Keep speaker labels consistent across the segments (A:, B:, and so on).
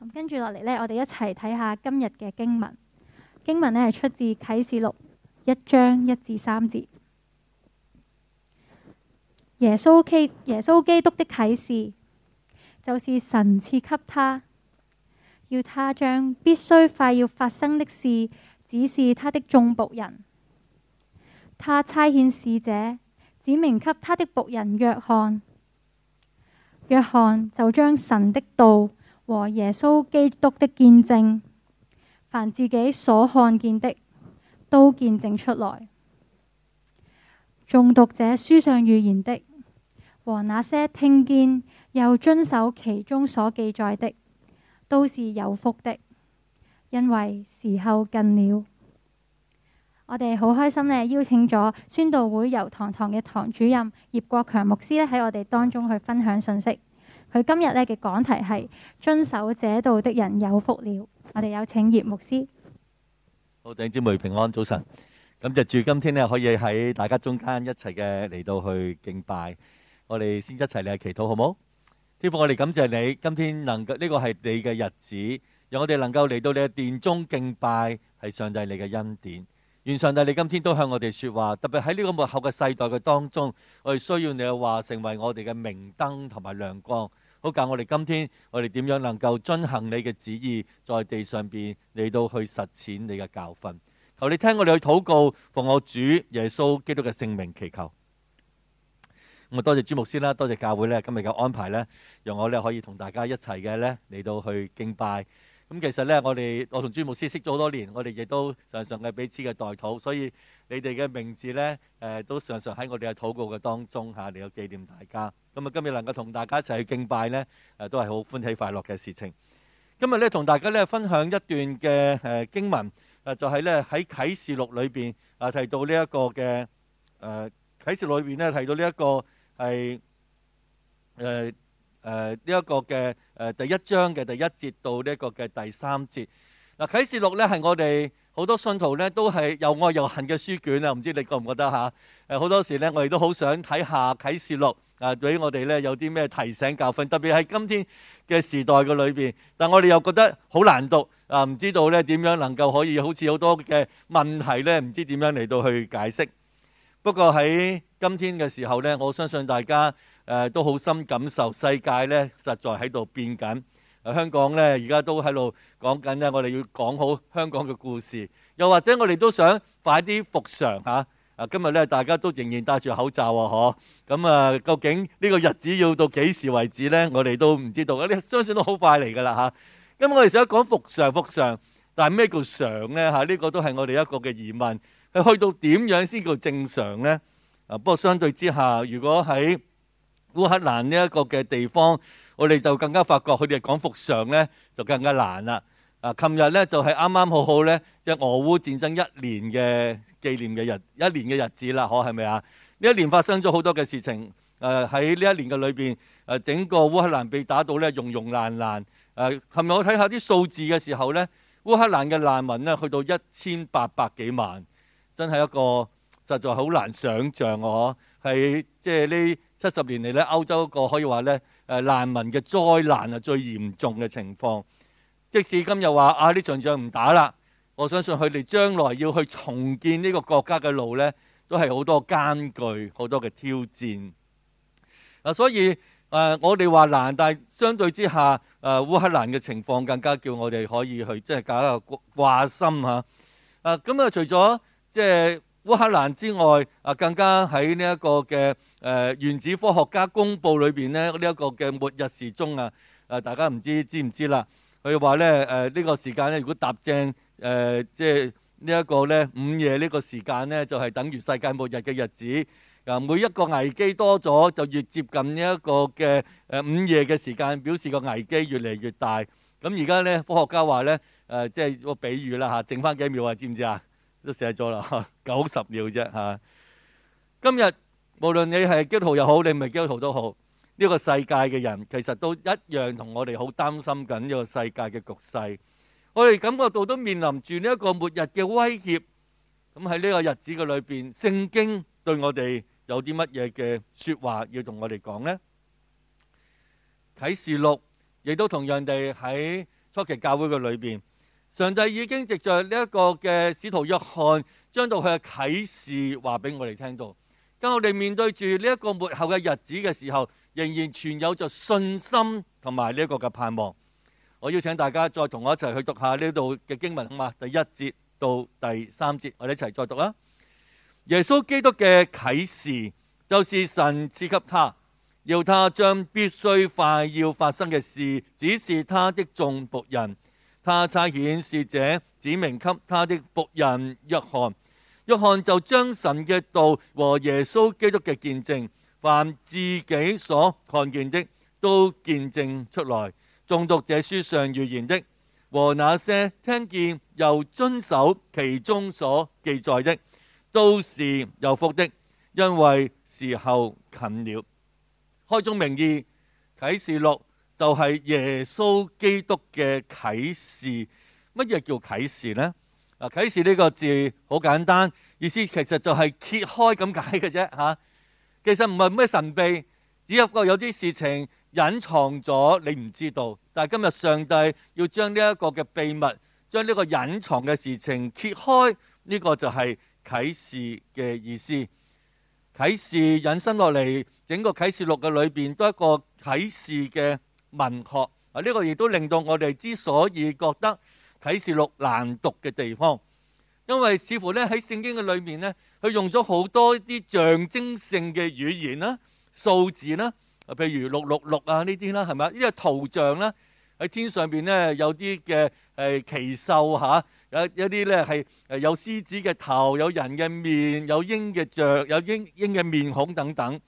A: 咁跟住落嚟呢，我哋一齊睇下今日嘅經文。經文呢係出自啟示錄一章一至三節。耶穌基耶穌基督的啟示，就是神賜給他，要他將必須快要發生的事指示他的眾僕人。他差遣使者，指明給他的僕人約翰。約翰就將神的道。和耶穌基督的見證，凡自己所看見的，都見證出來。眾讀者書上預言的，和那些聽見又遵守其中所記載的，都是有福的，因為時候近了。我哋好開心咧，邀請咗宣道會油堂堂嘅堂主任葉國強牧師喺我哋當中去分享信息。佢今日呢嘅講題係遵守這道的人有福了。我哋有請葉牧師。
B: 好，弟兄姊妹平安，早晨。咁就祝今天呢可以喺大家中間一齊嘅嚟到去敬拜。我哋先一齊嚟祈禱，好冇？天父，我哋感謝你，今天能夠呢個係你嘅日子，讓我哋能夠嚟到你嘅殿中敬拜，係上帝你嘅恩典。願上帝你今天都向我哋說話，特別喺呢個末後嘅世代嘅當中，我哋需要你嘅話成為我哋嘅明燈同埋亮光。好，教我哋今天我哋點樣能夠遵行你嘅旨意，在地上邊嚟到去實踐你嘅教訓。求你聽我哋去禱告，奉我主耶穌基督嘅聖名祈求。咁啊，多謝朱牧師啦，多謝教會咧今日嘅安排咧，讓我咧可以同大家一齊嘅咧嚟到去敬拜。咁、嗯、其實咧，我哋我同朱牧師識咗好多年，我哋亦都常常嘅彼此嘅代禱，所以你哋嘅名字咧，誒、呃、都常常喺我哋嘅禱告嘅當中嚇嚟到紀念大家。咁、嗯、啊，今日能夠同大家一齊去敬拜咧，誒、啊、都係好歡喜快樂嘅事情。今日咧，同大家咧分享一段嘅誒、呃、經文，啊、就係咧喺啟示錄裏邊啊提到呢一個嘅誒、呃、啟示錄裏邊咧提到呢、這、一個係誒。誒、呃、呢一個嘅誒、呃、第一章嘅第一節到呢一個嘅第三節，嗱啟示錄呢係我哋好多信徒呢都係又愛又恨嘅書卷啊！唔知你覺唔覺得嚇？誒好多時呢，我哋都好想睇下啟示錄啊，俾我哋呢有啲咩提醒教訓，特別係今天嘅時代嘅裏邊，但我哋又覺得好難讀啊！唔知道呢點樣能夠可以好似好多嘅問題呢唔知點樣嚟到去解釋。不過喺今天嘅時候呢，我相信大家。誒都好深感受世界咧，實在喺度變緊。香港咧，而家都喺度講緊咧，我哋要講好香港嘅故事。又或者我哋都想快啲復常嚇。啊，今日咧大家都仍然戴住口罩啊，嗬。咁啊，究竟呢個日子要到幾時為止咧？我哋都唔知道啊。我相信都好快嚟㗎啦嚇。咁我哋想講復常復常，但係咩叫常咧嚇？呢個都係我哋一個嘅疑問。去到點樣先叫正常咧？啊，不過相對之下，如果喺烏克蘭呢一個嘅地方，我哋就更加發覺佢哋講服上咧就更加難啦。啊，琴日咧就係啱啱好好咧，即係俄烏戰爭一年嘅紀念嘅日，一年嘅日子啦，可係咪啊？呢一年發生咗好多嘅事情。誒喺呢一年嘅裏邊，誒整個烏克蘭被打到咧，融融爛爛。誒，琴日我睇下啲數字嘅時候咧，烏克蘭嘅難民咧去到一千八百幾萬，真係一個實在好難想像嘅嗬。係即係呢？就是七十年嚟咧，歐洲一個可以話咧誒難民嘅災難啊，最嚴重嘅情況。即使今日話啊，啲陣仗唔打啦，我相信佢哋將來要去重建呢個國家嘅路咧，都係好多艱巨、好多嘅挑戰。啊，所以誒、啊，我哋話難，但係相對之下誒、啊、烏克蘭嘅情況更加叫我哋可以去即係搞一個掛心嚇。啊，咁啊，除咗即係。烏克蘭之外，啊，更加喺呢一個嘅誒原子科學家公佈裏邊咧，呢一個嘅末日時鐘啊，啊，大家唔知知唔知啦？佢話咧誒，呢個時間咧，如果搭正誒，即係呢一個咧午夜呢個時間咧，就係等於世界末日嘅日子。啊，每一個危機多咗就越接近呢一個嘅誒午夜嘅時間，表示個危機越嚟越大。咁而家咧科學家話咧誒，即係個比喻啦嚇，剩返幾秒啊？知唔知啊？都寫咗啦，九十秒啫嚇。今日無論你係基督徒又好，你唔係基督徒都好，呢個世界嘅人其實都一樣，同我哋好擔心緊呢個世界嘅局勢。我哋感覺到都面臨住呢一個末日嘅威脅。咁喺呢個日子嘅裏邊，聖經對我哋有啲乜嘢嘅説話要同我哋講呢？啟示錄亦都同樣地喺初期教會嘅裏邊。上帝已經藉着呢一個嘅使徒約翰將到佢嘅啟示話俾我哋聽到。當我哋面對住呢一個末後嘅日子嘅時候，仍然存有着信心同埋呢一個嘅盼望。我邀請大家再同我一齊去讀下呢度嘅經文好嗎？第一節到第三節，我哋一齊再讀啊。耶穌基督嘅啟示就是神賜給他，要他將必須快要發生嘅事指示他的眾僕人。他差遣使者指明給他的僕人約翰，約翰就將神嘅道和耶穌基督嘅見證，凡自己所看見的都見證出來。眾讀者書上預言的，和那些聽見又遵守其中所記載的，都是有福的，因為時候近了。開宗明義，啟示錄。就係、是、耶穌基督嘅啟示，乜嘢叫啟示呢？啊，啟示呢個字好簡單，意思其實就係揭開噉解嘅啫嚇。其實唔係咩神秘，只不過有啲事情隱藏咗，你唔知道。但係今日上帝要將呢一個嘅秘密，將呢個隱藏嘅事情揭開，呢、這個就係啟示嘅意思。啟示引申落嚟，整個啟示錄嘅裏邊都一個啟示嘅。文學啊，呢個亦都令到我哋之所以覺得啟示錄難讀嘅地方，因為似乎咧喺聖經嘅裏面咧，佢用咗好多啲象徵性嘅語言啦、數字啦，譬如六六六啊呢啲啦，係咪？呢個圖像啦，喺天上邊咧有啲嘅係奇獸嚇，有一啲咧係誒有獅子嘅頭，有人嘅面，有鷹嘅像，有鷹鷹嘅面孔等等，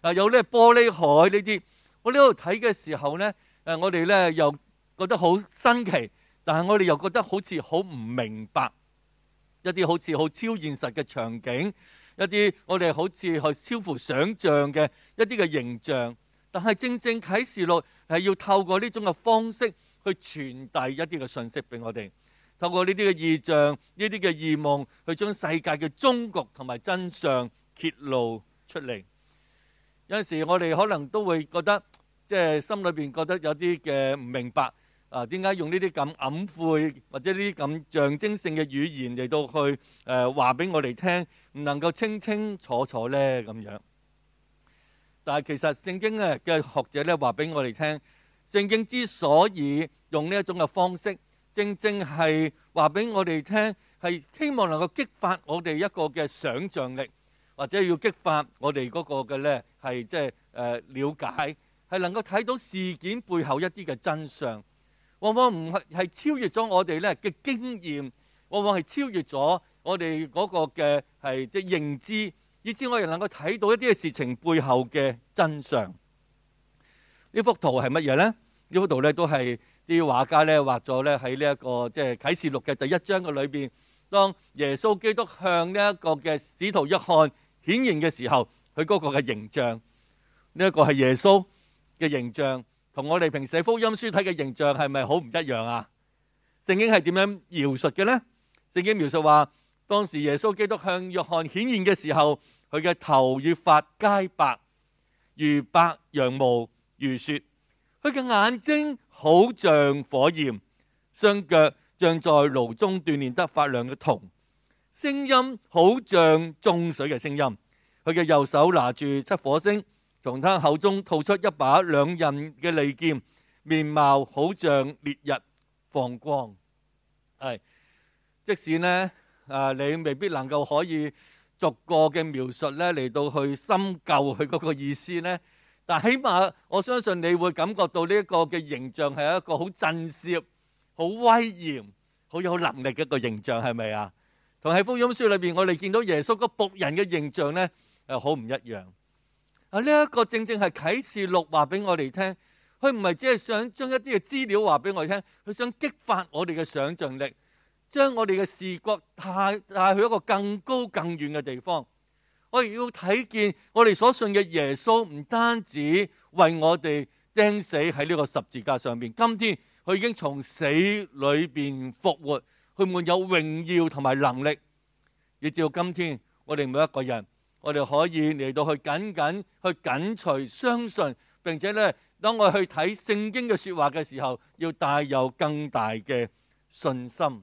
B: 啊有咧玻璃海呢啲。我呢度睇嘅時候呢，誒，我哋呢又覺得好新奇，但係我哋又覺得好似好唔明白一啲好似好超現實嘅場景，一啲我哋好似係超乎想象嘅一啲嘅形象。但係正正啟示錄係要透過呢種嘅方式去傳遞一啲嘅信息俾我哋，透過呢啲嘅異象、呢啲嘅異夢，去將世界嘅終局同埋真相揭露出嚟。有陣時我哋可能都會覺得，即係心裏邊覺得有啲嘅唔明白，啊點解用呢啲咁暗晦，或者呢啲咁象徵性嘅語言嚟到去誒，話俾我哋聽，唔能夠清清楚楚咧咁樣。但係其實聖經咧嘅學者咧話俾我哋聽，聖經之所以用呢一種嘅方式，正正係話俾我哋聽，係希望能夠激發我哋一個嘅想象力或者要激發我哋嗰個嘅咧，係即係誒了解，係能夠睇到事件背後一啲嘅真相，往往唔係係超越咗我哋咧嘅經驗，往往係超越咗我哋嗰個嘅係即係認知，以至我哋能夠睇到一啲嘅事情背後嘅真相。呢幅圖係乜嘢咧？呢幅圖咧都係啲畫家咧畫咗咧喺呢一個即係啟示錄嘅第一章嘅裏邊，當耶穌基督向呢一個嘅使徒約翰。顯現嘅時候，佢嗰個嘅形象，呢一個係耶穌嘅形象，同我哋平時福音書睇嘅形象係咪好唔一樣啊？聖經係點樣描述嘅呢？聖經描述話，當時耶穌基督向約翰顯現嘅時候，佢嘅頭與髮皆白，如白羊毛如雪；佢嘅眼睛好像火焰，雙腳像在爐中鍛煉得發亮嘅銅。聲音好像眾水嘅聲音，佢嘅右手拿住七火星，從他口中吐出一把兩刃嘅利劍，面貌好像烈日放光。係，即使咧啊，你未必能夠可以逐個嘅描述咧，嚟到去深究佢嗰個意思咧，但係起碼我相信你會感覺到呢一個嘅形象係一個好震懾、好威嚴、好有能力嘅一個形象，係咪啊？同喺福音書裏邊，我哋見到耶穌個僕人嘅形象咧，誒，好唔一樣。啊，呢一個正正係啟示錄話俾我哋聽，佢唔係只係想將一啲嘅資料話俾我哋聽，佢想激發我哋嘅想像力，將我哋嘅視覺帶帶去一個更高更遠嘅地方。我哋要睇見我哋所信嘅耶穌，唔單止為我哋釘死喺呢個十字架上邊，今天佢已經從死裏邊復活。佢冇有榮耀同埋能力，亦直到今天，我哋每一個人，我哋可以嚟到去緊緊去緊隨相信，並且咧，當我去睇聖經嘅說話嘅時候，要帶有更大嘅信心。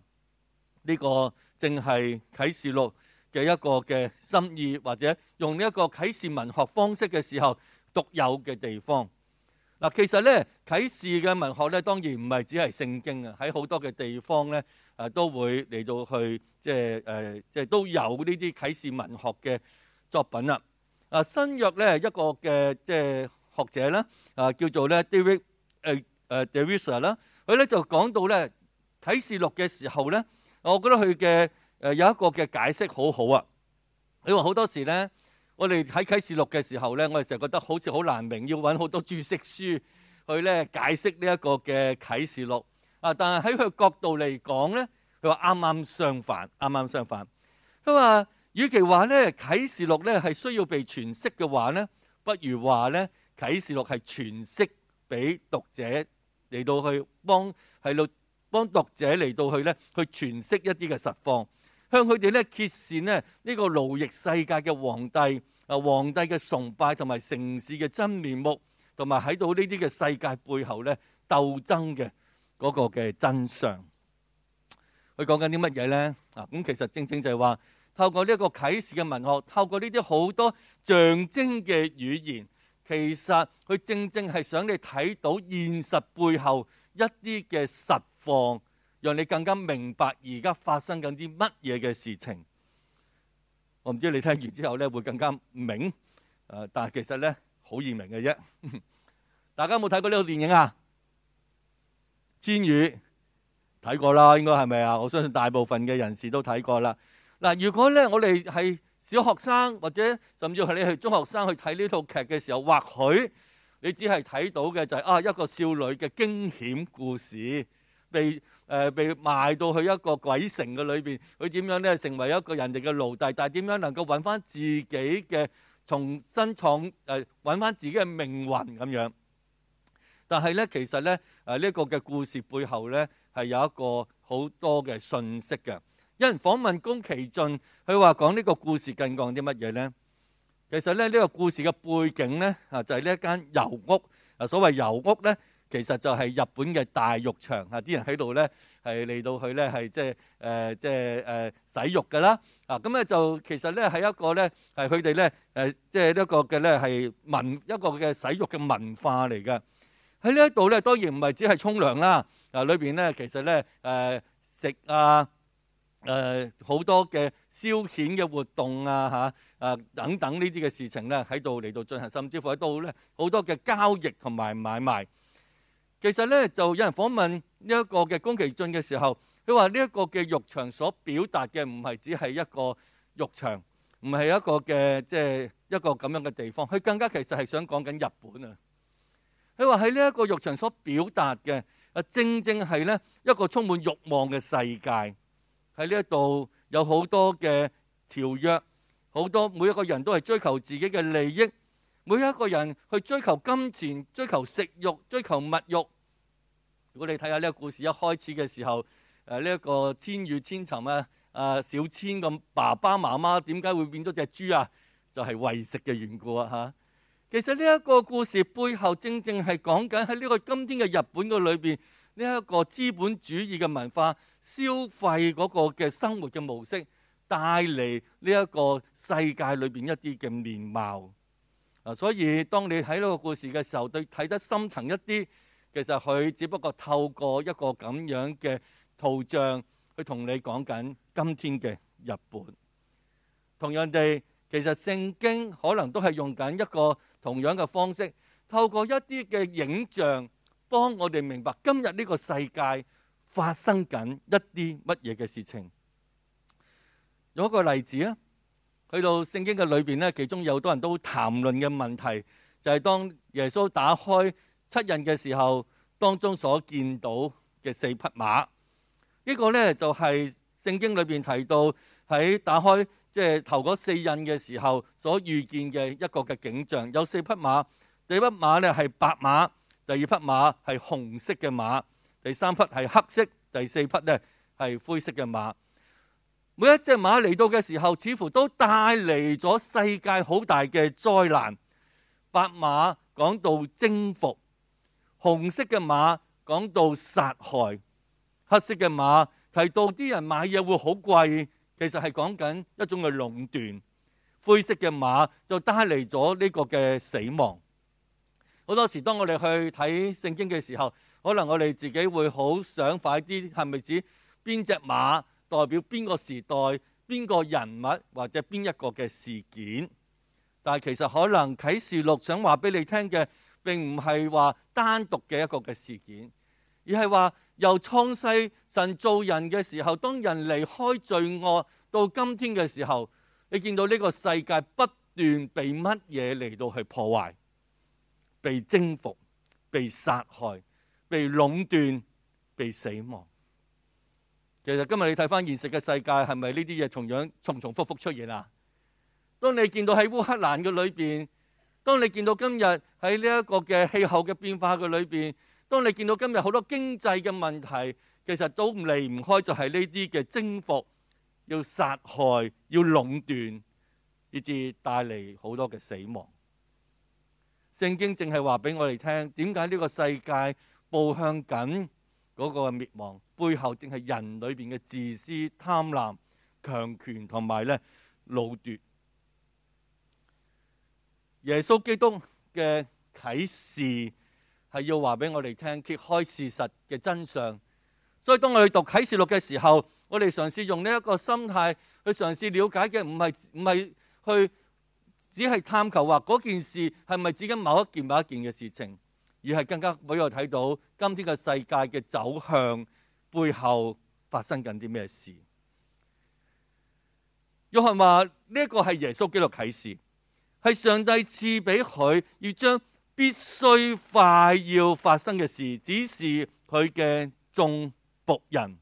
B: 呢個正係啟示錄嘅一個嘅心意，或者用呢一個啟示文學方式嘅時候獨有嘅地方。嗱，其實咧啟示嘅文學咧，當然唔係只係聖經啊，喺好多嘅地方咧。誒都會嚟到去即係誒，即係都有呢啲啟示文學嘅作品啦。啊，新約咧一個嘅即係學者啦，啊叫做咧 David 誒誒 deSilva 啦，佢咧就講到咧啟示錄嘅時候咧，我覺得佢嘅誒有一個嘅解釋好好啊。因為好多時咧，我哋喺啟示錄嘅時候咧，我哋成日覺得好似好難明，要揾好多注釋書去咧解釋呢一個嘅啟示錄。啊！但係喺佢角度嚟講咧，佢話啱啱相反，啱啱相反。佢話，與其話咧《啟示錄》咧係需要被詮釋嘅話咧，不如話咧《啟示錄》係詮釋俾讀者嚟到去幫係度幫讀者嚟到去咧去詮釋一啲嘅實況，向佢哋咧揭示咧呢個奴役世界嘅皇帝啊，皇帝嘅崇拜同埋城市嘅真面目，同埋喺到呢啲嘅世界背後咧鬥爭嘅。嗰個嘅真相，佢講緊啲乜嘢咧？啊，咁其實正正就係話，透過呢一個啟示嘅文學，透過呢啲好多象徵嘅語言，其實佢正正係想你睇到現實背後一啲嘅實況，讓你更加明白而家發生緊啲乜嘢嘅事情。我唔知你聽完之後咧會更加明，啊！但係其實咧好易明嘅啫。 大家有冇睇過呢套電影啊？千與睇過啦，應該係咪啊？我相信大部分嘅人士都睇過啦。嗱，如果咧我哋係小學生或者甚至係你係中學生去睇呢套劇嘅時候，或許你只係睇到嘅就係啊一個少女嘅驚險故事，被誒被賣到去一個鬼城嘅裏邊，佢點樣咧成為一個人哋嘅奴隸？但係點樣能夠揾返自己嘅重新創誒揾返自己嘅命運咁樣？但係咧，其實咧，誒呢一個嘅故事背後咧係有一個好多嘅信息嘅。有人訪問宮崎駿，佢話講呢個故事更講啲乜嘢咧？其實咧，呢個故事嘅背景咧啊，就係呢一間油屋啊。所謂油屋咧，其實就係日本嘅大浴場啊。啲人喺度咧係嚟到佢咧係即係誒即係誒洗浴㗎啦啊。咁咧就其實咧係一個咧係佢哋咧誒即係一個嘅咧係文一個嘅洗浴嘅文化嚟嘅。喺呢一度咧，當然唔係只係沖涼啦。啊，裏邊咧其實咧，誒食啊，誒好多嘅消遣嘅活動啊，嚇啊等等呢啲嘅事情咧，喺度嚟到進行，甚至乎喺度咧好多嘅交易同埋買賣。其實咧，就有人訪問呢一個嘅宮崎駿嘅時候，佢話呢一個嘅浴場所表達嘅唔係只係一個浴場，唔係一個嘅即係一個咁樣嘅地方。佢更加其實係想講緊日本啊。佢話喺呢一個浴場所表達嘅啊，正正係呢一個充滿慾望嘅世界。喺呢一度有好多嘅條約，好多每一個人都係追求自己嘅利益，每一個人去追求金錢、追求食慾、追求物欲。如果你睇下呢個故事一開始嘅時候，誒呢一個千與千尋啊，啊小千嘅爸爸媽媽點解會變咗隻豬啊？就係、是、餵食嘅緣故啊！嚇。其實呢一個故事背後，正正係講緊喺呢個今天嘅日本嘅裏邊，呢一個資本主義嘅文化、消費嗰個嘅生活嘅模式，帶嚟呢一個世界裏邊一啲嘅面貌。嗱，所以當你喺呢個故事嘅時候，對睇得深層一啲，其實佢只不過透過一個咁樣嘅圖像去同你講緊今天嘅日本。同樣地，其實聖經可能都係用緊一個。同樣嘅方式，透過一啲嘅影像，幫我哋明白今日呢個世界發生緊一啲乜嘢嘅事情。有一個例子啊，去到聖經嘅裏邊咧，其中有好多人都談論嘅問題，就係當耶穌打開七印嘅時候，當中所見到嘅四匹馬。呢個咧就係聖經裏邊提到喺打開。即係頭嗰四印嘅時候所預見嘅一個嘅景象，有四匹馬。第一匹馬咧係白馬，第二匹馬係紅色嘅馬，第三匹係黑色，第四匹咧係灰色嘅馬。每一隻馬嚟到嘅時候，似乎都帶嚟咗世界好大嘅災難。白馬講到征服，紅色嘅馬講到殺害，黑色嘅馬提到啲人買嘢會好貴。其實係講緊一種嘅壟斷，灰色嘅馬就帶嚟咗呢個嘅死亡。好多時當我哋去睇聖經嘅時候，可能我哋自己會好想快啲，係咪指邊隻馬代表邊個時代、邊個人物或者邊一個嘅事件？但係其實可能啟示錄想話俾你聽嘅並唔係話單獨嘅一個嘅事件，而係話。由創世神造人嘅時候，當人離開罪惡到今天嘅時候，你見到呢個世界不斷被乜嘢嚟到去破壞、被征服、被殺害、被壟斷、被死亡。其實今日你睇返現實嘅世界，係咪呢啲嘢同樣重重複複出現啊？當你見到喺烏克蘭嘅裏邊，當你見到今日喺呢一個嘅氣候嘅變化嘅裏邊。當你見到今日好多經濟嘅問題，其實都離唔開就係呢啲嘅征服、要殺害、要壟斷，以至帶嚟好多嘅死亡。聖經正係話俾我哋聽，點解呢個世界步向緊嗰個滅亡背後，正係人裏邊嘅自私、貪婪、強權同埋咧掠奪。耶穌基督嘅啟示。係要話俾我哋聽，揭開事實嘅真相。所以當我哋讀啟示錄嘅時候，我哋嘗試用呢一個心態去嘗試了解嘅，唔係唔係去只係探求話嗰件事係咪指緊某一件某一件嘅事情，而係更加俾我睇到今天嘅世界嘅走向背後發生緊啲咩事。約翰話呢一個係耶穌基督啟示，係上帝賜俾佢要將。必須快要發生嘅事，只是佢嘅眾僕人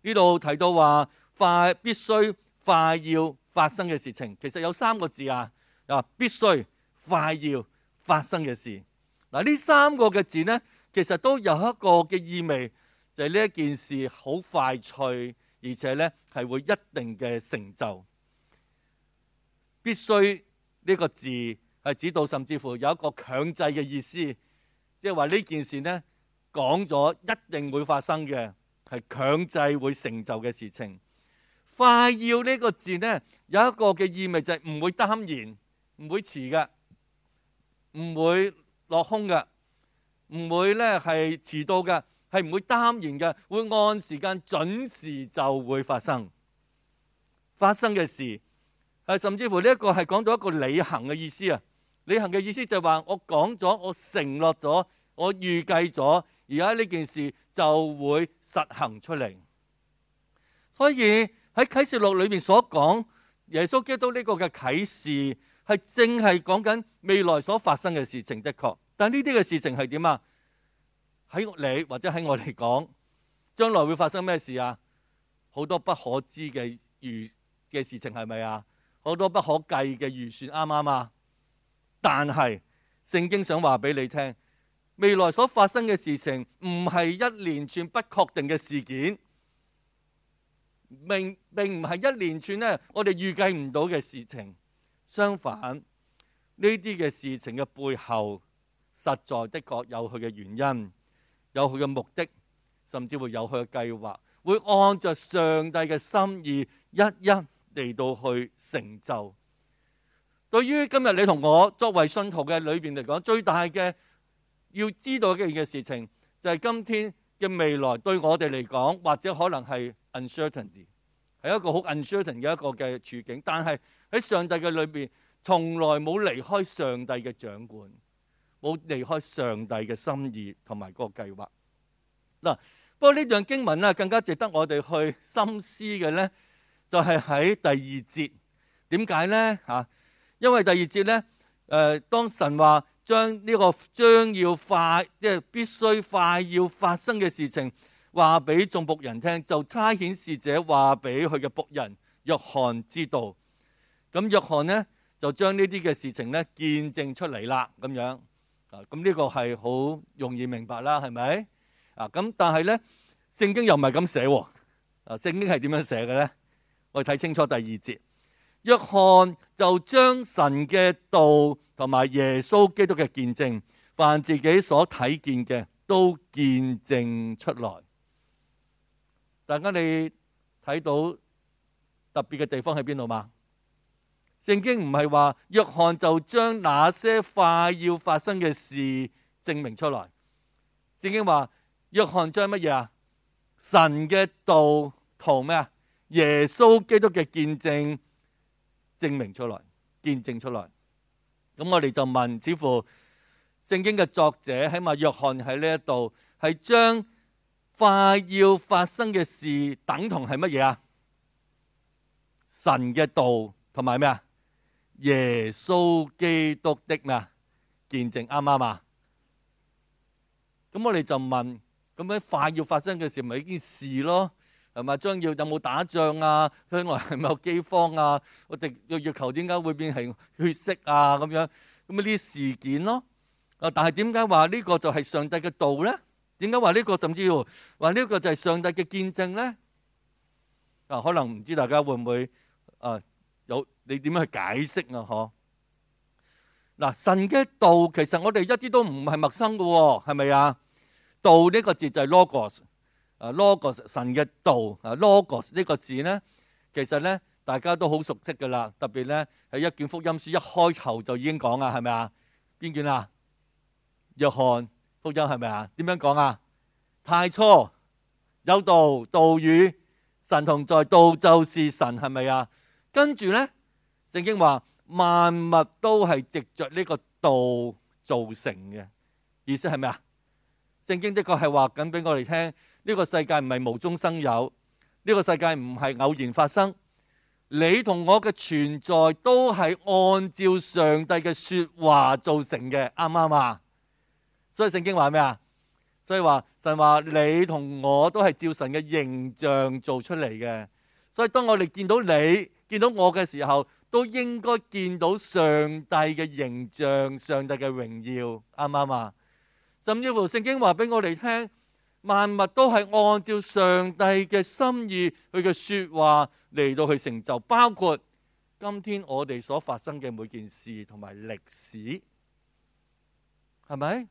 B: 呢度提到話，快、必須快要發生嘅事情，其實有三個字啊，啊，必須快要發生嘅事。嗱、啊，呢三個嘅字呢，其實都有一個嘅意味，就係呢一件事好快脆，而且呢係會一定嘅成就。必須呢個字。係指導，甚至乎有一個強制嘅意思，即係話呢件事呢，講咗一定會發生嘅，係強制會成就嘅事情。快要呢個字呢，有一個嘅意味就係唔會耽延，唔會遲㗎，唔會落空㗎，唔會呢係遲到嘅，係唔會耽延嘅，會按時間準時就會發生發生嘅事。係甚至乎呢一個係講到一個履行嘅意思啊！李恒嘅意思就係話：我講咗，我承諾咗，我預計咗，而家呢件事就會實行出嚟。所以喺啟示錄裏面所講耶穌基督呢個嘅啟示，係正係講緊未來所發生嘅事情，的確。但呢啲嘅事情係點啊？喺你或者喺我嚟講，將來會發生咩事啊？好多不可知嘅預嘅事情係咪啊？好多不可計嘅預算啱唔啱啊？但係，聖經想話俾你聽，未來所發生嘅事情唔係一連串不確定嘅事件，明並唔係一連串咧，我哋預計唔到嘅事情。相反，呢啲嘅事情嘅背後，實在的確有佢嘅原因，有佢嘅目的，甚至會有佢嘅計劃，會按着上帝嘅心意，一一嚟到去成就。對於今日你同我作為信徒嘅裏邊嚟講，最大嘅要知道嘅嘅事情，就係今天嘅未來對我哋嚟講，或者可能係 uncertainty，係一個好 uncertain 嘅一個嘅處境。但係喺上帝嘅裏邊，從來冇離開上帝嘅掌管，冇離開上帝嘅心意同埋個計劃。嗱，不過呢段經文咧更加值得我哋去深思嘅咧，就係喺第二節，點解咧嚇？因為第二節咧，誒、呃，當神話將呢個將要快，即係必須快要發生嘅事情話俾眾僕人聽，就差遣使者話俾佢嘅僕人約翰知道。咁約翰呢，就將呢啲嘅事情咧見證出嚟啦，咁樣啊，咁、這、呢個係好容易明白啦，係咪啊？咁但係咧，聖經又唔係咁寫、哦，啊，聖經係點樣寫嘅咧？我哋睇清楚第二節。約翰就將神嘅道同埋耶穌基督嘅見證，凡自己所睇見嘅都見證出來。大家你睇到特別嘅地方喺邊度嘛？聖經唔係話約翰就將那些快要發生嘅事證明出來。聖經話約翰將乜嘢啊？神嘅道同咩啊？耶穌基督嘅見證。證明出來，見證出來。咁我哋就問，似乎聖經嘅作者，起碼約翰喺呢一度係將快要發生嘅事等同係乜嘢啊？神嘅道同埋咩啊？耶穌基督的咩見證？啱唔啱啊？咁我哋就問，咁樣快要發生嘅事咪一件事咯？係咪將要有冇打仗啊？將來係咪有饑荒啊？我哋個月球點解會變成血色啊？咁樣咁啊呢啲事件咯。啊！但係點解話呢個就係上帝嘅道咧？點解話呢個甚至要話呢個就係上帝嘅見證咧？啊！可能唔知大家會唔會啊？有你點樣去解釋啊？嗬？嗱，神嘅道其實我哋一啲都唔係陌生嘅喎，係咪啊？道呢個字就係 Logos。啊，Logos 神嘅道啊，Logos 呢個字咧，其實咧大家都好熟悉噶啦，特別咧喺一卷福音書一開頭就已經講啊，係咪啊？邊卷啊？約翰福音係咪啊？點樣講啊？太初有道，道與神同在，道就是神，係咪啊？跟住咧，聖經話萬物都係藉着呢個道造成嘅，意思係咪啊？聖經的確係話緊俾我哋聽。呢個世界唔係無中生有，呢個世界唔係偶然發生。你同我嘅存在都係按照上帝嘅說話造成嘅，啱唔啱啊？所以聖經話咩啊？所以話神話你同我都係照神嘅形象做出嚟嘅。所以當我哋見到你見到我嘅時候，都應該見到上帝嘅形象、上帝嘅榮耀，啱唔啱啊？甚至乎聖經話俾我哋聽。萬物都係按照上帝嘅心意，佢嘅說話嚟到去成就，包括今天我哋所發生嘅每件事同埋歷史，係咪？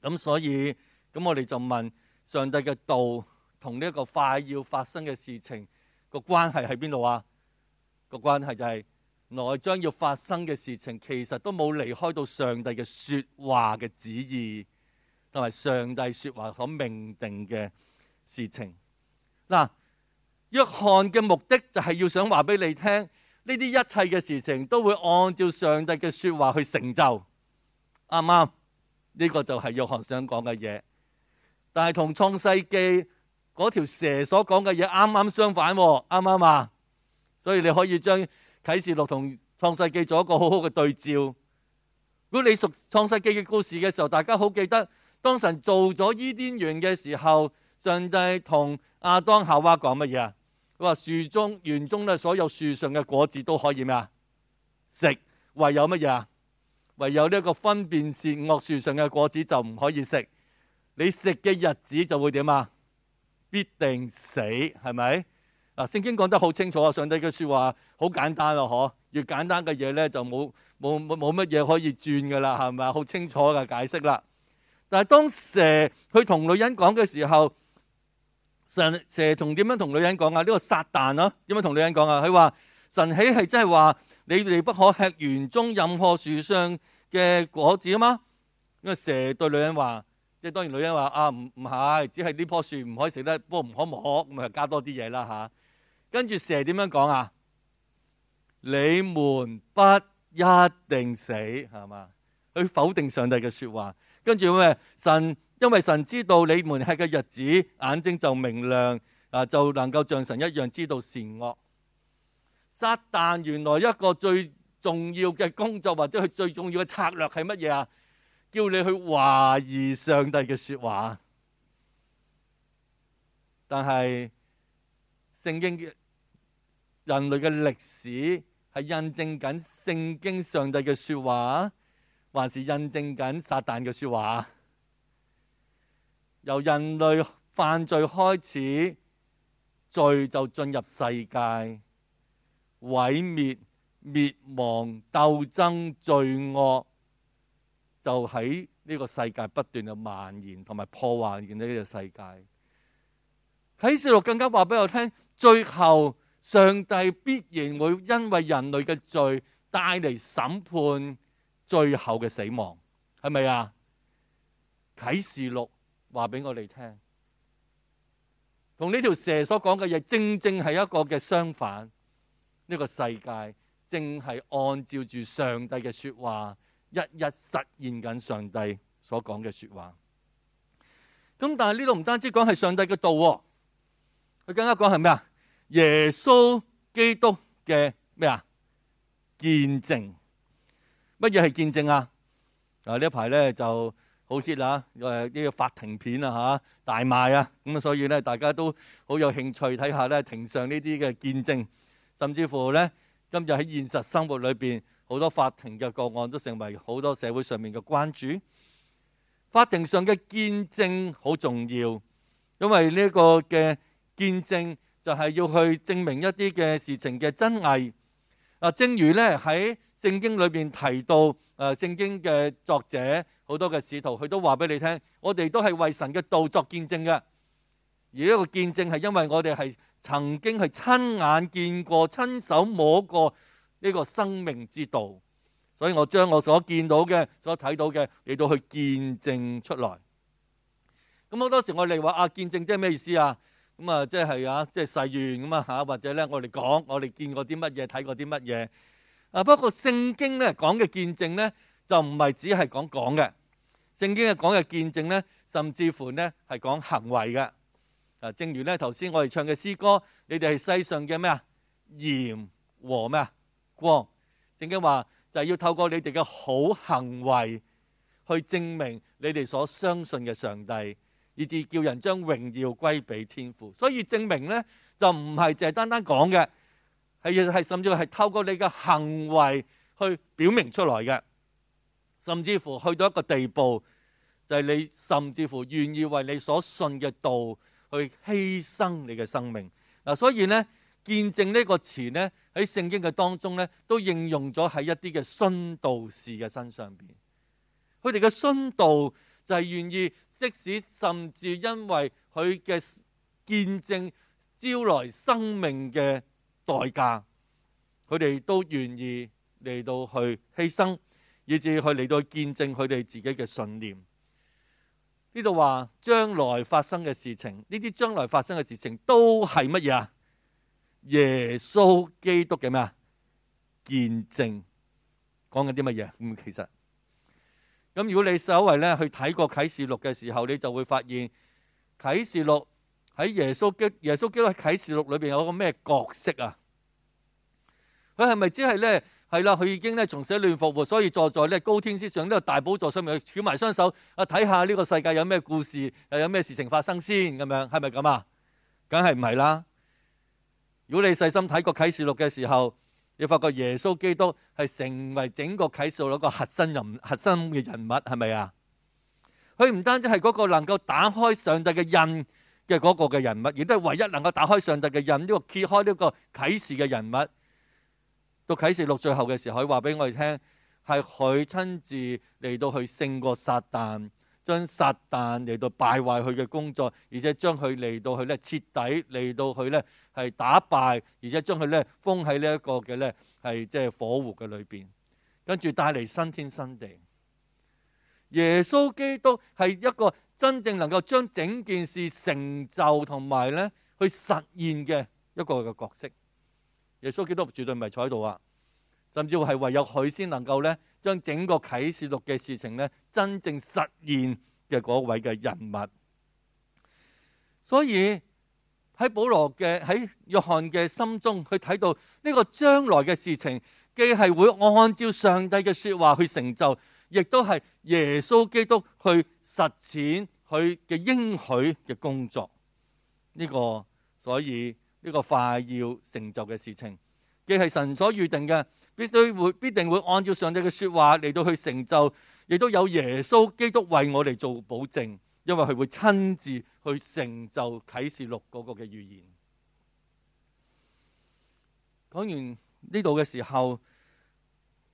B: 咁所以咁我哋就問上帝嘅道同呢一個快要發生嘅事情個關係喺邊度啊？個關係就係、是、我將要發生嘅事情，其實都冇離開到上帝嘅說話嘅旨意。同埋上帝説話所命定嘅事情嗱，約翰嘅目的就係要想話俾你聽，呢啲一切嘅事情都會按照上帝嘅説話去成就，啱唔啱？呢個就係約翰想講嘅嘢，但係同創世記嗰條蛇所講嘅嘢啱啱相反喎，啱唔啱啊？所以你可以將啟示錄同創世記做一個好好嘅對照。如果你熟創世記嘅故事嘅時候，大家好記得。當神做咗伊甸園嘅時候，上帝同亞當夏娃講乜嘢啊？佢話樹中園中咧，所有樹上嘅果子都可以咩啊？食，唯有乜嘢啊？唯有呢一個分辨善惡樹上嘅果子就唔可以食。你食嘅日子就會點啊？必定死係咪？嗱，聖經講得好清楚啊！上帝嘅說話好簡單咯，嗬？越簡單嘅嘢咧就冇冇冇冇乜嘢可以轉噶啦，係咪啊？好清楚嘅解釋啦。但係當蛇去同女人講嘅時候，神蛇同點樣同女人講啊？呢個撒旦啊，點樣同女人講啊？佢話神起係真係話你哋不可吃園中任何樹上嘅果子啊嘛？因為蛇對女人話，即係當然女人話啊，唔唔係，只係呢棵樹唔可以食得，不過唔可摸。」咁咪加多啲嘢啦吓。跟住蛇點樣講啊？你們不一定死係嘛？去否定上帝嘅說話。跟住咩？神因為神知道你們吃嘅日子，眼睛就明亮，啊就能夠像神一樣知道善惡。撒旦原來一個最重要嘅工作或者佢最重要嘅策略係乜嘢啊？叫你去懷疑上帝嘅說話。但係聖經的人類嘅歷史係印證緊聖經上帝嘅說話。還是印證緊撒旦嘅說話，由人類犯罪開始，罪就進入世界，毀滅、滅亡、鬥爭、罪惡，就喺呢個世界不斷嘅蔓延同埋破壞呢個世界。啟示錄更加話俾我聽，最後上帝必然會因為人類嘅罪帶嚟審判。最後嘅死亡係咪啊？啟示錄話俾我哋聽，同呢條蛇所講嘅嘢正正係一個嘅相反。呢個世界正係按照住上帝嘅說話，日日實現緊上帝所講嘅說話。咁但係呢度唔單止講係上帝嘅道，佢更加講係咩啊？耶穌基督嘅咩啊？見證。乜嘢係見證啊？啊，呢排咧就好 hit 啦，呢個法庭片啊嚇大賣啊，咁啊所以咧大家都好有興趣睇下咧庭上呢啲嘅見證，甚至乎咧今日喺現實生活裏邊好多法庭嘅個案都成為好多社會上面嘅關注。法庭上嘅見證好重要，因為呢個嘅見證就係要去證明一啲嘅事情嘅真偽。嗱，正如咧喺聖經裏邊提到誒，聖經嘅作者好多嘅使徒，佢都話俾你聽，我哋都係為神嘅道作見證嘅。而呢個見證係因為我哋係曾經係親眼見過、親手摸過呢個生命之道，所以我將我所見到嘅、所睇到嘅你都去見證出來。咁好多時我哋話啊，見證即係咩意思啊？咁啊，即係啊，即係誓願咁啊嚇，或者咧我哋講，我哋見過啲乜嘢，睇過啲乜嘢。啊！不過聖經咧講嘅見證咧，就唔係只係講講嘅。聖經嘅講嘅見證咧，甚至乎咧係講行為嘅。啊，正如咧頭先我哋唱嘅詩歌，你哋係世上嘅咩啊？鹽和咩啊？光。聖經話就係要透過你哋嘅好行為去證明你哋所相信嘅上帝，以至叫人將榮耀歸俾天父。所以證明咧就唔係淨係單單講嘅。係，甚至係透過你嘅行為去表明出來嘅，甚至乎去到一個地步，就係你甚至乎願意為你所信嘅道去犧牲你嘅生命。嗱，所以呢，見證呢個詞呢，喺聖經嘅當中呢，都應用咗喺一啲嘅殉道士嘅身上邊，佢哋嘅殉道就係願意，即使甚至因為佢嘅見證招來生命嘅代價，佢哋都願意嚟到去犧牲，以至去嚟到去見證佢哋自己嘅信念。呢度話將來發生嘅事情，呢啲將來發生嘅事情都係乜嘢啊？耶穌基督嘅咩啊？見證講緊啲乜嘢？咁其實，咁如果你稍為咧去睇過啟示錄嘅時候，你就會發現啟示錄。喺耶穌基督、耶穌基督喺啟示錄裏邊有個咩角色啊？佢係咪只係咧？係啦，佢已經咧從死裏復活，所以坐在咧高天之上呢個大寶座上面，翹埋雙手啊，睇下呢個世界有咩故事，又有咩事情發生先咁樣？係咪咁啊？梗係唔係啦！如果你細心睇個啟示錄嘅時候，你發覺耶穌基督係成為整個啟示錄一個核心人、核心嘅人物，係咪啊？佢唔單止係嗰個能夠打開上帝嘅印。嘅嗰個嘅人物，亦都係唯一能夠打開上帝嘅印，呢個揭開呢個啟示嘅人物。到啟示錄最後嘅時候，佢話俾我哋聽，係佢親自嚟到去勝過撒旦，將撒旦嚟到敗壞佢嘅工作，而且將佢嚟到去咧徹底嚟到去咧係打敗，而且將佢咧封喺呢一個嘅咧係即係火湖嘅裏邊，跟住帶嚟新天新地。耶穌基督係一個。真正能夠將整件事成就同埋咧去實現嘅一個嘅角色，耶穌基督絕對唔係坐喺度啊！甚至乎係唯有佢先能夠咧將整個啟示錄嘅事情咧真正實現嘅嗰位嘅人物。所以喺保羅嘅喺約翰嘅心中，去睇到呢個將來嘅事情，既係會按照上帝嘅說話去成就。亦都係耶穌基督去實踐佢嘅應許嘅工作呢個，所以呢個快要成就嘅事情，既係神所預定嘅，必須會必定會按照上帝嘅說話嚟到去成就，亦都有耶穌基督為我哋做保證，因為佢會親自去成就啟示錄嗰個嘅預言。講完呢度嘅時候，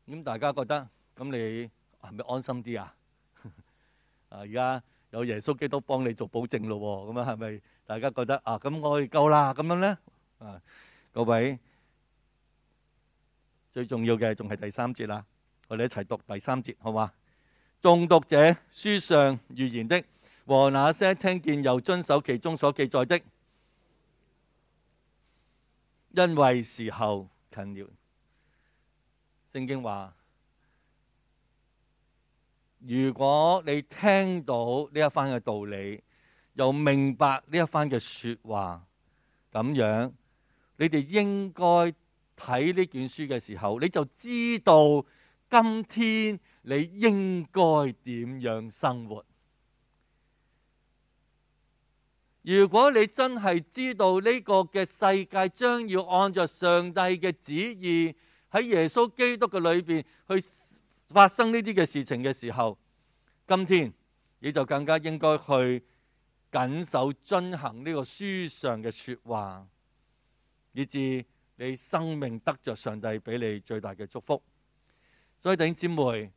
B: 咁大家覺得咁你？係咪安心啲啊？啊，而家有耶穌基督幫你做保證咯，咁樣係咪大家覺得啊？咁我哋夠啦，咁樣咧？啊，各位最重要嘅仲係第三節啦，我哋一齊讀第三節，好嘛？眾讀者書上預言的和那些聽見又遵守其中所記載的，因為時候近了，聖經話。如果你聽到呢一番嘅道理，又明白呢一番嘅説話，咁樣你哋應該睇呢卷書嘅時候，你就知道今天你應該點樣生活。如果你真係知道呢個嘅世界將要按着上帝嘅旨意喺耶穌基督嘅裏面去，發生呢啲嘅事情嘅時候，今天你就更加應該去謹守遵行呢個書上嘅說話，以至你生命得着上帝俾你最大嘅祝福。所以弟兄姐妹，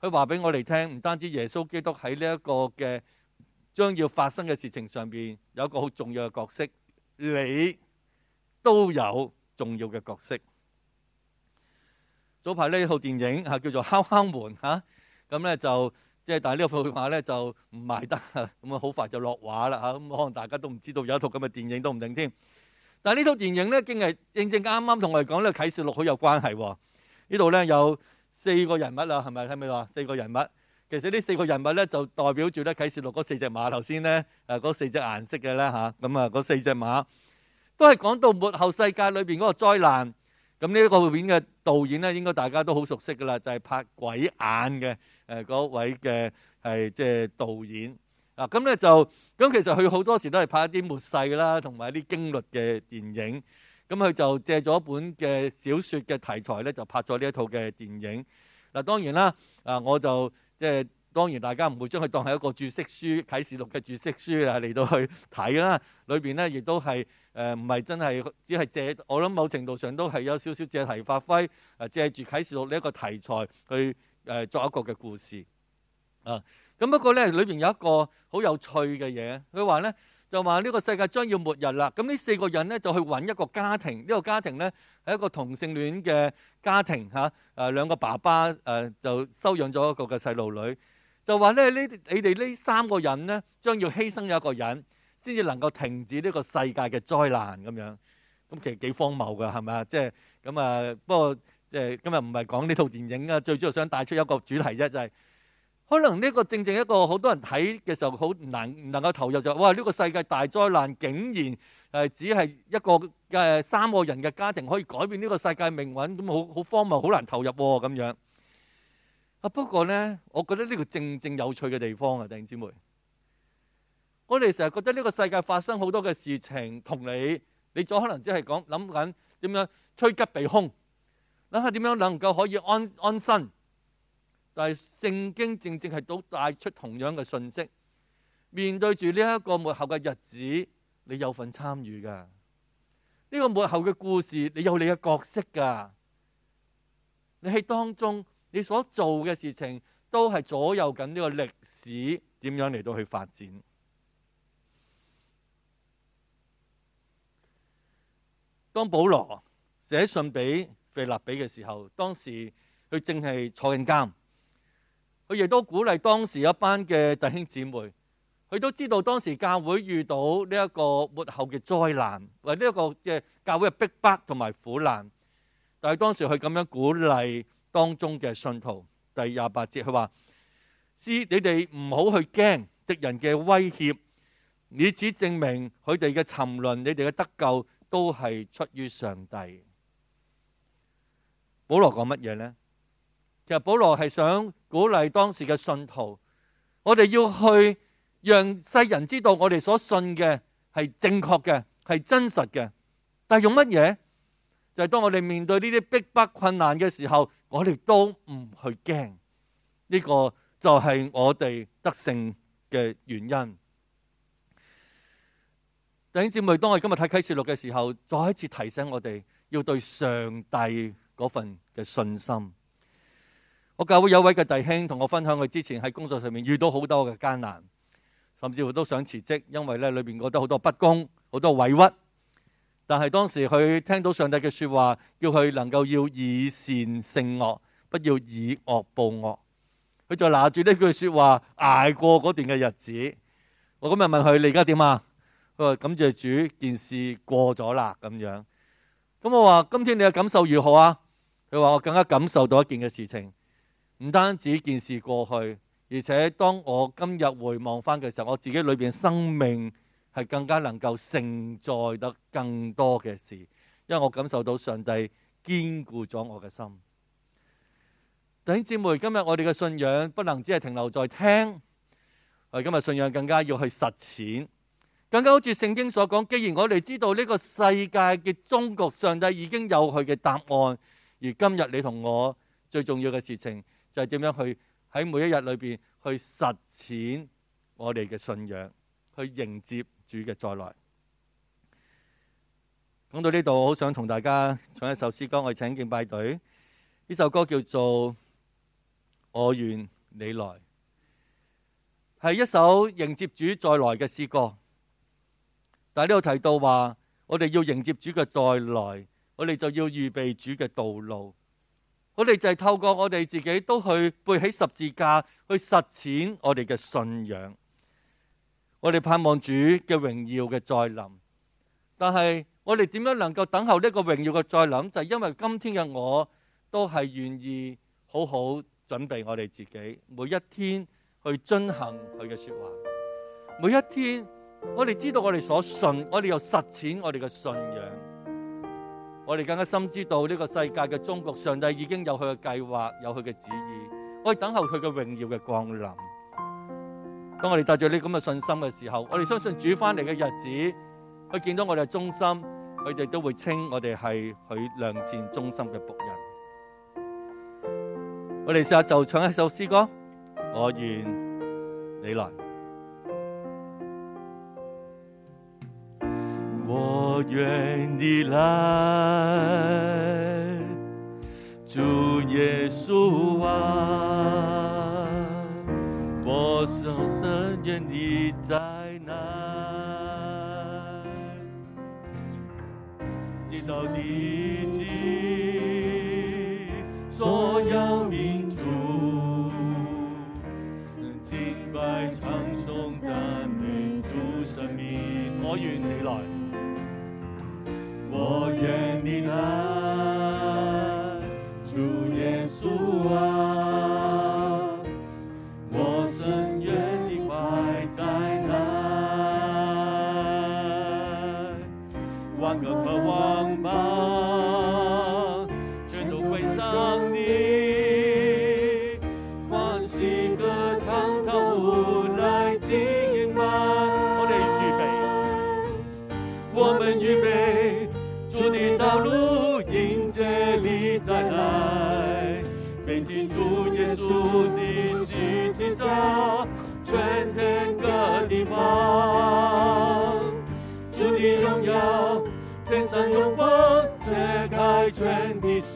B: 佢話俾我哋聽，唔單止耶穌基督喺呢一個嘅將要發生嘅事情上面有一個好重要嘅角色，你都有重要嘅角色。早排呢套電影嚇叫做《敲敲門》嚇，咁咧就即係，但係呢個畫咧就唔賣得，咁啊好快就落畫啦嚇，咁可能大家都唔知道有一套咁嘅電影都唔定添。但係呢套電影咧，竟係正正啱啱同我哋講呢啟示錄好有關係。呢度咧有四個人物啊，係咪？睇唔睇到？四個人物？其實呢四個人物咧就代表住咧啟示錄嗰四隻馬頭先咧，誒嗰四隻顏色嘅啦嚇，咁啊嗰四隻馬都係講到末後世界裏邊嗰個災難。咁呢一個片嘅導演咧，應該大家都好熟悉噶啦，就係拍鬼眼嘅誒嗰位嘅係即係導演。嗱咁咧就咁其實佢好多時都係拍一啲末世啦，同埋一啲經歷嘅電影。咁佢就借咗一本嘅小說嘅題材咧，就拍咗呢一套嘅電影。嗱當然啦，啊我就即係當然大家唔會將佢當係一個注釋書、啟示錄嘅注釋書嚟嚟到去睇啦。裏邊咧亦都係。誒唔係真係，只係借我諗某程度上都係有少少借題發揮，誒、呃、借住啟示錄呢一個題材去誒、呃、作一個嘅故事。啊，咁不過咧，裏邊有一個好有趣嘅嘢，佢話咧就話呢個世界將要末日啦。咁呢四個人咧就去搵一個家庭，呢、這個家庭咧係一個同性戀嘅家庭嚇，誒、啊、兩個爸爸誒、啊、就收養咗一個嘅細路女。就話咧呢，你哋呢三個人咧將要犧牲有一個人。先至能夠停止呢個世界嘅災難咁樣，咁其實幾荒謬㗎，係咪啊？即係咁啊。不過即係今日唔係講呢套電影啊，最主要想帶出一個主題啫，就係可能呢個正正一個好多人睇嘅時候好難唔能夠投入，就哇！呢個世界大災難竟然誒只係一個誒三個人嘅家庭可以改變呢個世界命運，咁，好好荒謬，好難投入咁樣。啊不過咧，我覺得呢個正正有趣嘅地方啊，弟兄姊妹。我哋成日覺得呢個世界發生好多嘅事情，同你你咗可能只係講諗緊點樣趨吉避凶，諗下點樣能夠可以安安身。但係聖經正正係都帶出同樣嘅訊息，面對住呢一個末後嘅日子，你有份參與㗎。呢、這個末後嘅故事，你有你嘅角色㗎。你喺當中，你所做嘅事情都係左右緊呢個歷史點樣嚟到去發展。當保羅寫信俾腓立比嘅時候，當時佢正係坐緊監，佢亦都鼓勵當時一班嘅弟兄姊妹。佢都知道當時教會遇到呢一個末後嘅災難，或呢一個即教會嘅逼迫同埋苦難。但係當時佢咁樣鼓勵當中嘅信徒，第廿八節佢話：師，你哋唔好去驚敵人嘅威脅，以此證明佢哋嘅沉淪，你哋嘅得救，都係出於上帝。保羅講乜嘢呢？其實保羅係想鼓勵當時嘅信徒，我哋要去讓世人知道我哋所信嘅係正確嘅，係真實嘅。但係用乜嘢？就係、是、當我哋面對呢啲逼迫困難嘅時候，我哋都唔去驚。呢、這個就係我哋得勝嘅原因。姐妹，當我今日睇啟示錄嘅時候，再一次提醒我哋要對上帝嗰份嘅信心。我教會有位嘅弟兄同我分享，佢之前喺工作上面遇到好多嘅艱難，甚至乎都想辭職，因為咧裏邊覺得好多不公、好多委屈。但係當時佢聽到上帝嘅說話，叫佢能夠要以善勝惡，不要以惡報惡。佢就拿住呢句說話捱過嗰段嘅日子。我今日問佢：你而家點啊？佢話感謝主，件事過咗啦，咁樣。咁我話：今天你嘅感受如何啊？佢話：我更加感受到一件嘅事情，唔單止件事過去，而且當我今日回望翻嘅時候，我自己裏面生命係更加能夠承載得更多嘅事，因為我感受到上帝堅固咗我嘅心。弟兄姊妹，今日我哋嘅信仰不能只係停留在聽，今日信仰更加要去實踐。更加好似聖經所講，既然我哋知道呢個世界嘅終局，上帝已經有佢嘅答案。而今日你同我最重要嘅事情就，就係點樣去喺每一日裏邊去實踐我哋嘅信仰，去迎接主嘅再來。講到呢度，好想同大家唱一首詩歌，我哋請敬拜隊呢首歌叫做《我願你來》，係一首迎接主再來嘅詩歌。但係呢度提到話，我哋要迎接主嘅再來，我哋就要預備主嘅道路。我哋就係透過我哋自己都去背起十字架，去實踐我哋嘅信仰。我哋盼望主嘅榮耀嘅再臨。但係我哋點樣能夠等候呢個榮耀嘅再臨？就係因為今天嘅我都係願意好好準備我哋自己，每一天去遵行佢嘅說話，每一天。我哋知道我哋所信，我哋又實踐我哋嘅信仰，我哋更加深知道呢個世界嘅中國上帝已經有佢嘅計劃，有佢嘅旨意，我哋等候佢嘅榮耀嘅降臨。當我哋帶住呢咁嘅信心嘅時候，我哋相信主翻嚟嘅日子，佢見到我哋忠心，佢哋都會稱我哋係佢良善忠心嘅僕人。我哋試下就唱一首詩歌，我願你來。
C: 我願意來，主耶穌啊，我深深願你在哪你。你到我願你來。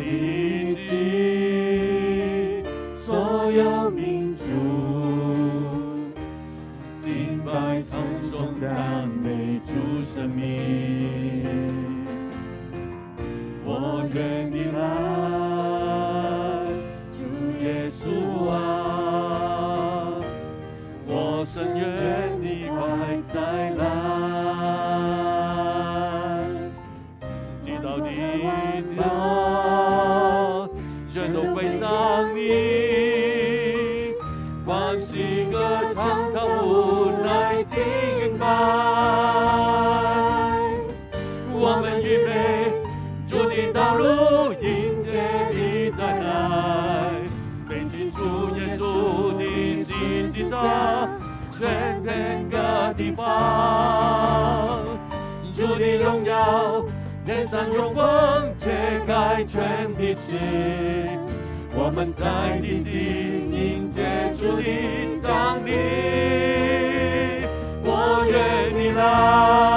C: 奇蹟，
A: 所有民族，
C: 敬拜、稱頌、讚美主聖名。揭開全的心，我們在地極迎接主的降臨。我願你來。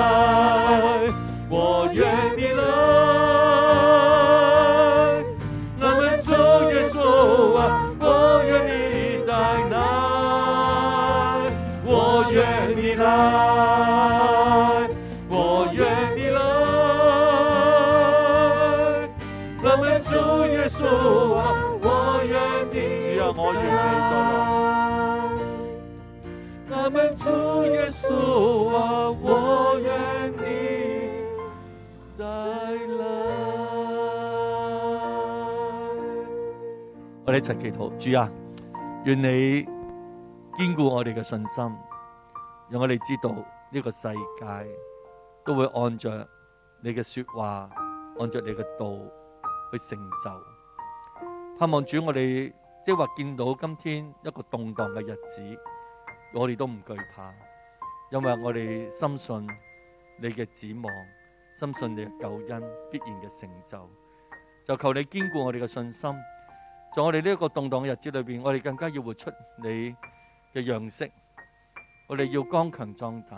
B: 齊祈禱主啊，願你堅固我哋嘅信心，讓我哋知道呢個世界都會按着你嘅說話，按着你嘅道去成就。盼望主，我哋即係話見到今天一個動盪嘅日子，我哋都唔懼怕，因為我哋深信你嘅指望，深信你嘅救恩必然嘅成就。就求你堅固我哋嘅信心。在我哋呢一個動盪嘅日子裏邊，我哋更加要活出你嘅樣式。我哋要剛強壯膽，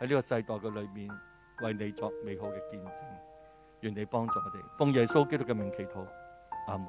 B: 喺呢個世代嘅裏面，為你作美好嘅見證。願你幫助我哋，奉耶穌基督嘅名祈禱，阿門。